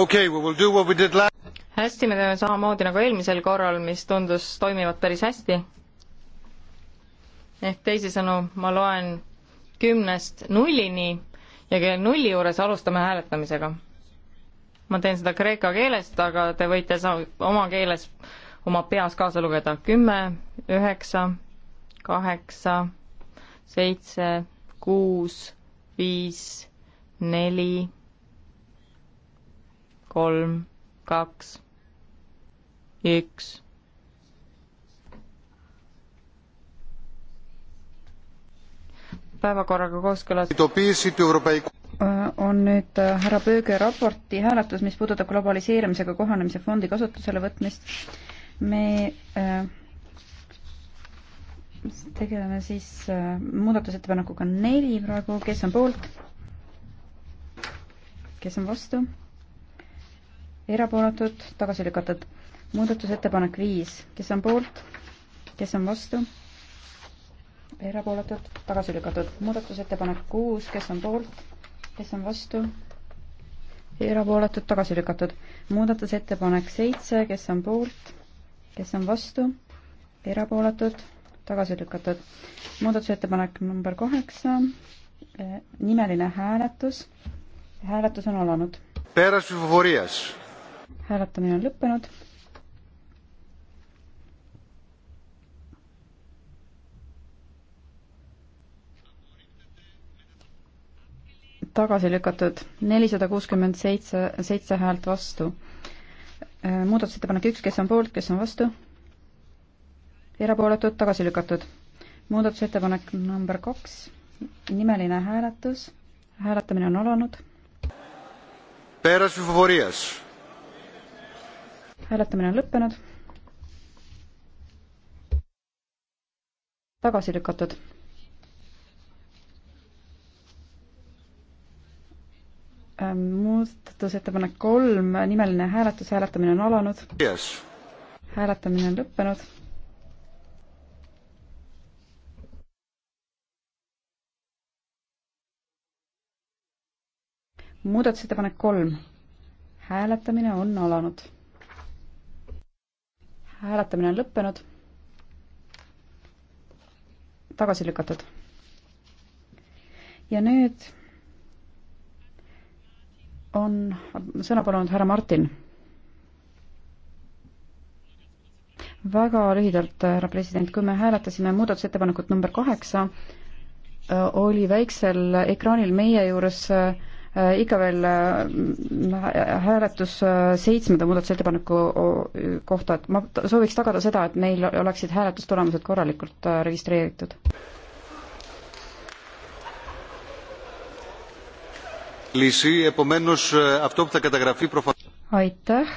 okay, last... hästi, me teeme samamoodi nagu eelmisel korral, mis tundus toimivat päris hästi. ehk teisisõnu, ma loen kümnest nullini ja kell nulli juures alustame hääletamisega. ma teen seda kreeka keelest, aga te võite sa-, oma keeles, oma peas kaasa lugeda. kümme, üheksa, kaheksa, seitse, kuus, viis, neli kolm, kaks, üks. päevakorraga kooskõlas on nüüd äh, härra Pööge raporti hääletus, mis puudutab globaliseerimisega kohanemise fondi kasutusele võtmist. me äh, tegeleme siis äh, muudatusettepanekuga neli praegu, kes on poolt? kes on vastu? erapooletud, tagasi lükatud. muudatusettepanek viis, kes on poolt, kes on vastu, erapooletud, tagasi lükatud. muudatusettepanek kuus, kes on poolt, kes on vastu, erapooletud, tagasi lükatud. muudatusettepanek seitse, kes on poolt, kes on vastu, erapooletud, tagasi lükatud. muudatusettepanek number kaheksa, nimeline hääletus. hääletus on alanud. Peres Fuvorias hääletamine on lõppenud. tagasi lükatud nelisada kuuskümmend seitse, seitse häält vastu. Äh, muudatusettepanek üks, kes on poolt, kes on vastu? erapooletud, tagasi lükatud. muudatusettepanek number kaks, nimeline hääletus. hääletamine on alanud. Peres Fuforias hääletamine on lõppenud. tagasi lükatud. Ähm, muudatusettepanek kolm, nimeline hääletus, hääletamine on alanud yes.. hääletamine on lõppenud. muudatusettepanek kolm, hääletamine on alanud hääletamine on lõppenud. tagasi lükatud. ja nüüd on sõna palunud härra Martin. väga lühidalt, härra president, kui me hääletasime muudatusettepanekut number kaheksa, oli väiksel ekraanil meie juures äh, Äh, ikka veel äh, hääletus äh, seitsmenda muudatusettepaneku kohta, et ma sooviks tagada seda, et meil oleksid hääletustulemused korralikult registreeritud. aitäh.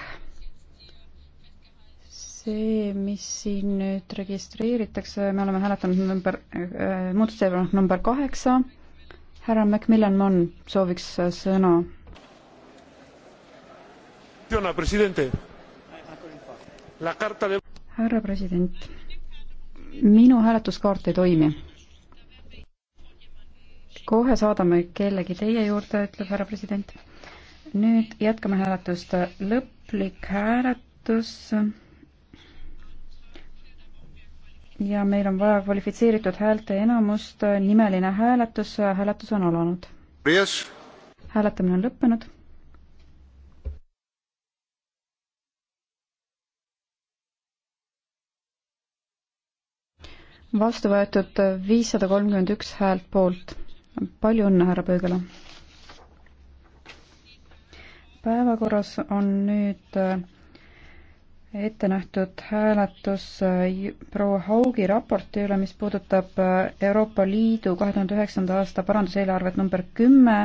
see, mis siin nüüd registreeritakse, me oleme hääletanud number äh,, muudatusettepanek number kaheksa härra Macmillan Mann sooviks äh, sõna. härra president, minu hääletuskaart ei toimi kohe saadame kellegi teie juurde, ütleb härra president. nüüd jätkame hääletust, lõplik hääletus ja meil on vaja kvalifitseeritud häälte enamust, nimeline hääletus, hääletus on alanud. hääletamine on lõppenud vastu võetud viissada kolmkümmend üks häält poolt. palju õnne, härra Pöögela! päevakorras on nüüd äh, ette nähtud hääletus äh, proua Haugi raporti üle, mis puudutab äh, Euroopa Liidu kahe tuhande üheksanda aasta paranduseelarvet number kümme.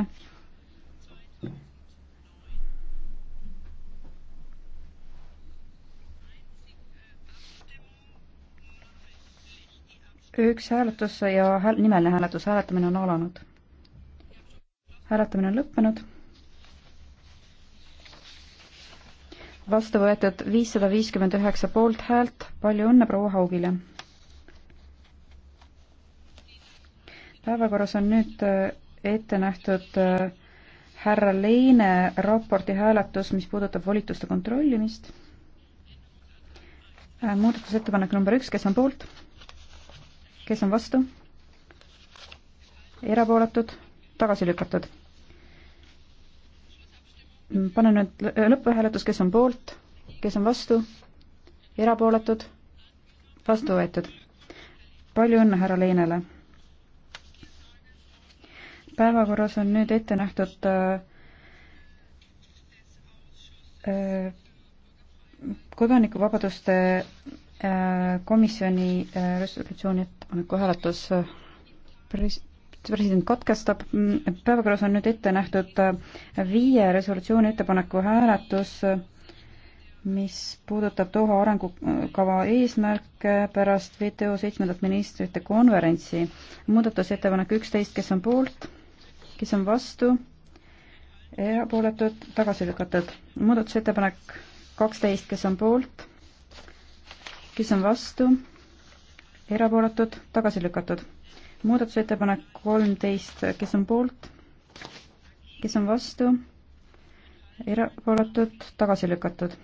üks hääletus ja hääl-, nimeline hääletus, hääletamine on alanud. hääletamine on lõppenud vastu võetud viissada viiskümmend üheksa poolthäält, palju õnne proua Haugile! päevakorras on nüüd äh, ette nähtud äh, härra Leine raporti hääletus, mis puudutab volituste kontrollimist. Äh, muudatusettepanek number üks, kes on poolt? kes on vastu? erapooletud? tagasi lükatud panen nüüd lõpphääletus, kes on poolt, kes on vastu, erapooletud, vastu võetud. palju õnne härra Leinele! päevakorras on nüüd ette nähtud äh, äh, kodanikuvabaduste äh, komisjoni resolutsiooni ettepaneku hääletus pres-, president katkestab. päevakorras on nüüd ette nähtud äh, viie resolutsiooni ettepaneku hääletus, mis puudutab Doha arengukava eesmärke pärast WTO seitsmendat ministrite konverentsi. muudatusettepanek üksteist, kes on poolt, kes on vastu, erapooletud, tagasi lükatud. muudatusettepanek kaksteist, kes on poolt, kes on vastu, erapooletud, tagasi lükatud muudatusettepanek kolmteist, kes on poolt, kes on vastu, erapooletud, tagasi lükatud.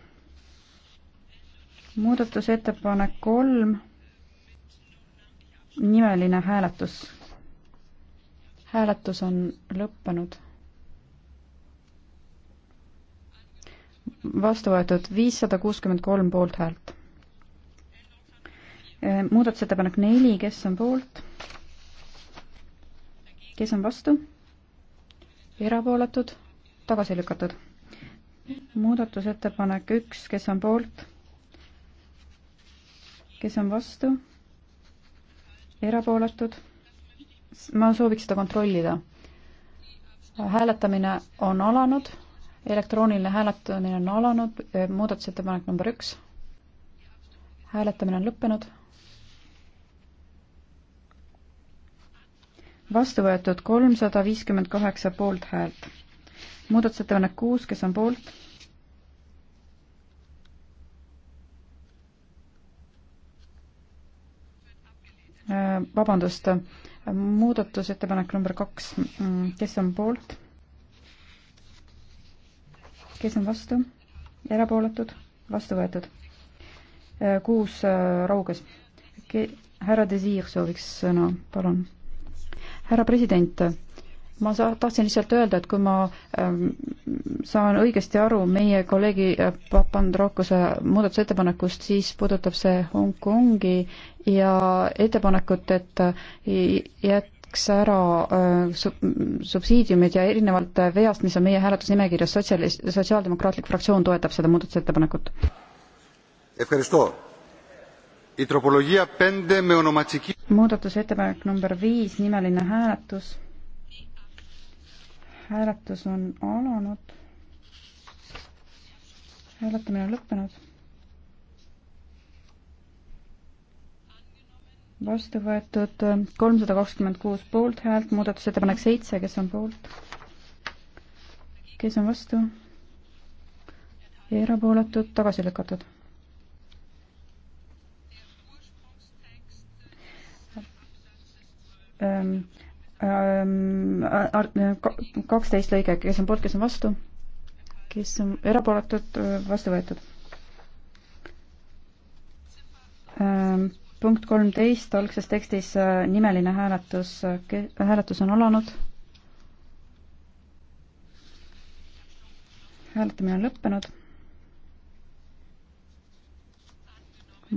muudatusettepanek kolm, nimeline hääletus. hääletus on lõppenud vastu võetud viissada kuuskümmend kolm poolthäält. muudatusettepanek neli, kes on poolt? kes on vastu? erapooletud, tagasi lükatud. muudatusettepanek üks, kes on poolt? kes on vastu? erapooletud? ma sooviks seda kontrollida. hääletamine on alanud, elektrooniline hääletamine on alanud, muudatusettepanek number üks. hääletamine on lõppenud vastu võetud kolmsada viiskümmend kaheksa poolthäält. muudatusettepanek kuus, kes on poolt? Äh, vabandust, muudatusettepanek number kaks, mm, kes on poolt? kes on vastu? erapooletud? vastu võetud? Äh, kuus äh, rauges. härra Desir sooviks sõna, palun härra president, ma saa-, tahtsin lihtsalt öelda, et kui ma ähm, saan õigesti aru meie kolleegi äh, Papandrokose muudatusettepanekust, siis puudutab see Hongkongi ja ettepanekut, et äh, jääks ära äh, sub-, subsiidiumid ja erinevalt äh, veast, mis on meie hääletusnimekirjas, sotsialis-, Sotsiaaldemokraatlik fraktsioon toetab seda muudatusettepanekut muudatusettepanek number viis, nimeline hääletus. hääletus on alanud. hääletamine on lõppenud. vastu võetud äh, kolmsada kakskümmend kuus poolthäält, muudatusettepanek seitse, kes on poolt? kes on vastu? erapooletud, tagasi lükatud Ehm, ehm, äh, kaksteist lõige, kes on poolt, kes on vastu, kes on erapooletud, äh, vastu võetud. Ehm, punkt kolmteist algses tekstis äh, nimeline hääletus, hääletus on alanud. hääletamine on lõppenud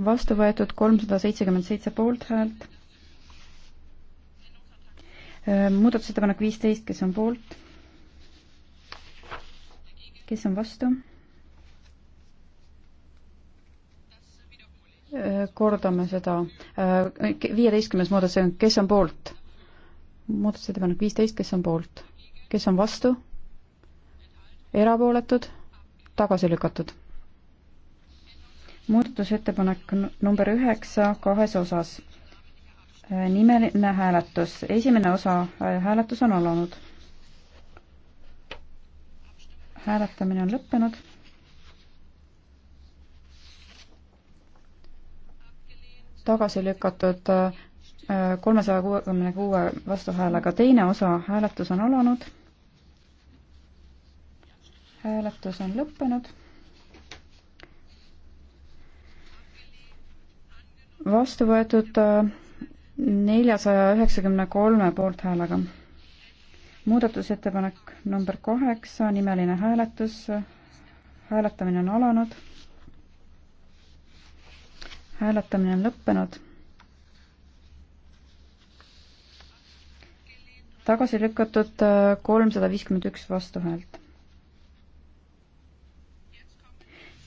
vastu võetud kolmsada seitsekümmend seitse poolthäält, Äh, muudatusettepanek viisteist, kes on poolt? kes on vastu? Äh, kordame seda. Äh, viieteistkümnes muudatusettepanek, kes on poolt? muudatusettepanek viisteist, kes on poolt? kes on vastu? erapooletud? tagasi lükatud? muudatusettepanek number üheksa kahes osas nimeline hääletus. esimene osa äh, hääletus on alanud. hääletamine on lõppenud. tagasi lükatud äh, kolmesaja kuuekümne kuue vastuhäälega teine osa hääletus on alanud. hääletus on lõppenud vastu võetud äh, neljasaja üheksakümne kolme poolthäälega. muudatusettepanek number kaheksa, nimeline hääletus. hääletamine on alanud. hääletamine on lõppenud. tagasi lükatud äh, kolmsada viiskümmend üks vastuhäält.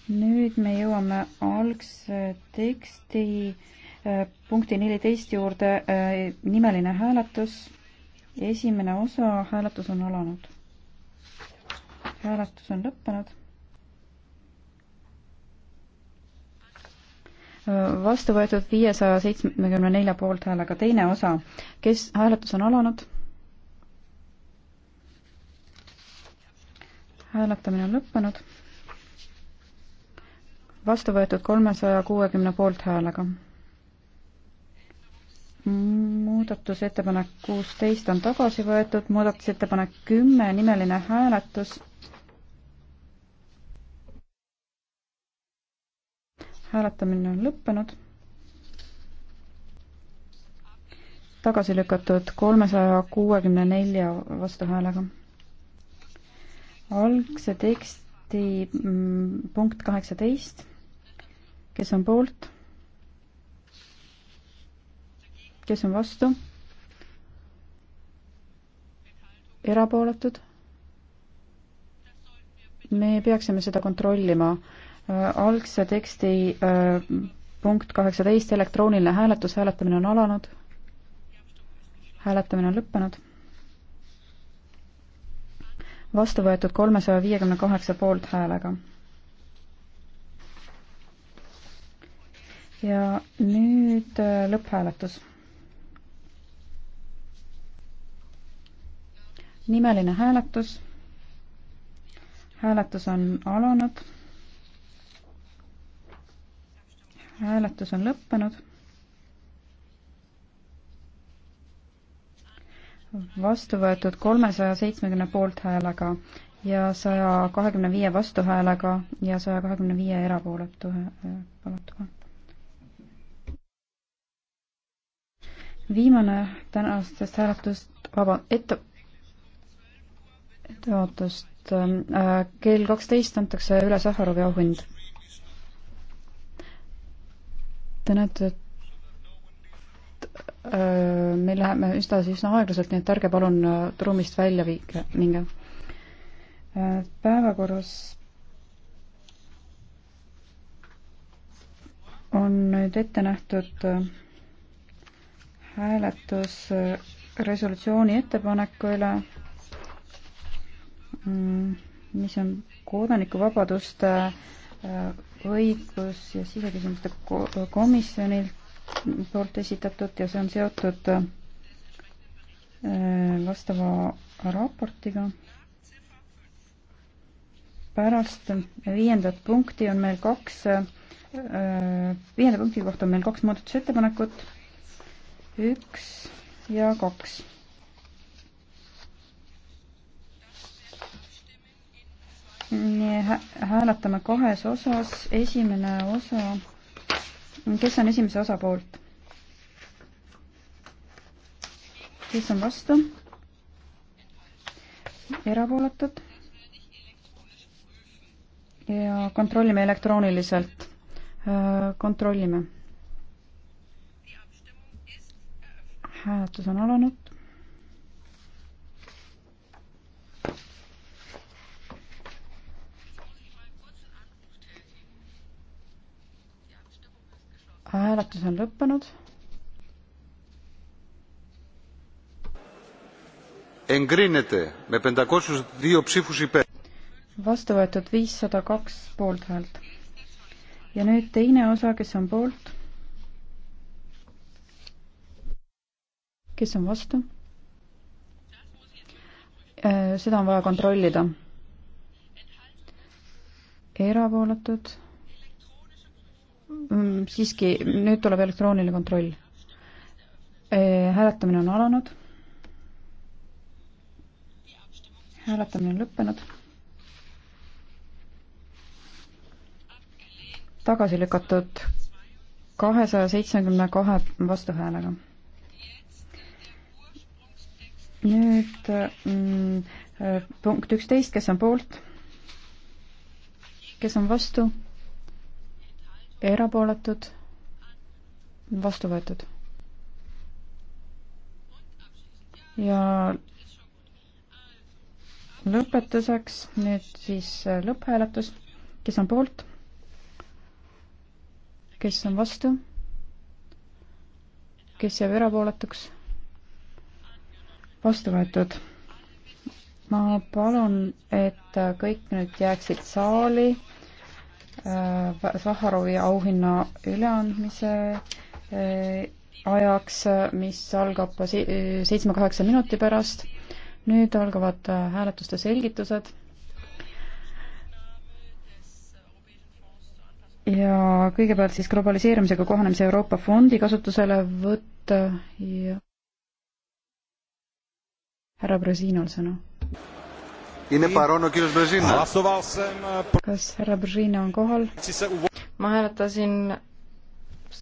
nüüd me jõuame algse teksti punkti neliteist juurde äh, nimeline hääletus. esimene osa, hääletus on alanud. hääletus on lõppenud. vastu võetud viiesaja seitsmekümne nelja poolthäälega teine osa. kes, hääletus on alanud? hääletamine on lõppenud. vastu võetud kolmesaja kuuekümne poolthäälega muudatusettepanek kuusteist on tagasi võetud, muudatusettepanek kümme, nimeline hääletus. hääletamine on lõppenud. tagasi lükatud kolmesaja kuuekümne nelja vastuhäälega. algse teksti mm, punkt kaheksateist, kes on poolt kes on vastu? erapooletud? me peaksime seda kontrollima. Äh, algse teksti äh, punkt kaheksateist, elektrooniline hääletus, hääletamine on alanud. hääletamine on lõppenud. vastu võetud kolmesaja viiekümne kaheksa poolthäälega. ja nüüd äh, lõpphääletus nimeline hääletus. hääletus on alanud. hääletus on lõppenud. vastu võetud kolmesaja seitsmekümne poolthäälega ja saja kahekümne viie vastuhäälega ja saja kahekümne viie erapooletu palutuga. viimane tänastest hääletust, vaba, ette teatust. Ähm, äh, kell kaksteist antakse üle Sahharovi auhind. Te näete, et äh, me läheme üsna, üsna aeglaselt, nii et ärge palun äh, ruumist välja viige, minge. päevakorras on nüüd ette nähtud hääletus resolutsiooni ettepaneku üle Mm, mis on kodanikuvabaduste äh, õigus ja siseküsimuste komisjonilt poolt esitatud ja see on seotud äh, vastava raportiga. pärast viiendat punkti on meil kaks, äh, viienda punkti kohta on meil kaks muudatusettepanekut, üks ja kaks nii hääletame kahes osas, esimene osa, kes on esimese osa poolt? kes on vastu? erapooletud? ja kontrollime elektrooniliselt. Äh, kontrollime. hääletus on alanud. hääletus on lõppenud. vastu võetud viissada kaks poolthäält. ja nüüd teine osa, kes on poolt. kes on vastu? Äh, seda on vaja kontrollida. erapooletud Mm, siiski, nüüd tuleb elektrooniline kontroll. Eh, hääletamine on alanud. hääletamine on lõppenud. tagasi lükatud kahesaja seitsmekümne kahe vastuhäälega. nüüd mm, eh, punkt üksteist, kes on poolt, kes on vastu erapooletud, vastu võetud. ja lõpetuseks nüüd siis lõpphääletus, kes on poolt, kes on vastu, kes jääb erapooletuks, vastu võetud ma palun, et kõik nüüd jääksid saali Äh, Saharovi auhinna üleandmise äh, ajaks, mis algab seitsme-kaheksa minuti pärast. nüüd algavad äh, hääletuste selgitused. ja kõigepealt siis globaliseerumisega kohanemise Euroopa Fondi kasutuselevõtt ja härra Bresinal sõna kas härra Brežina on kohal? ma hääletasin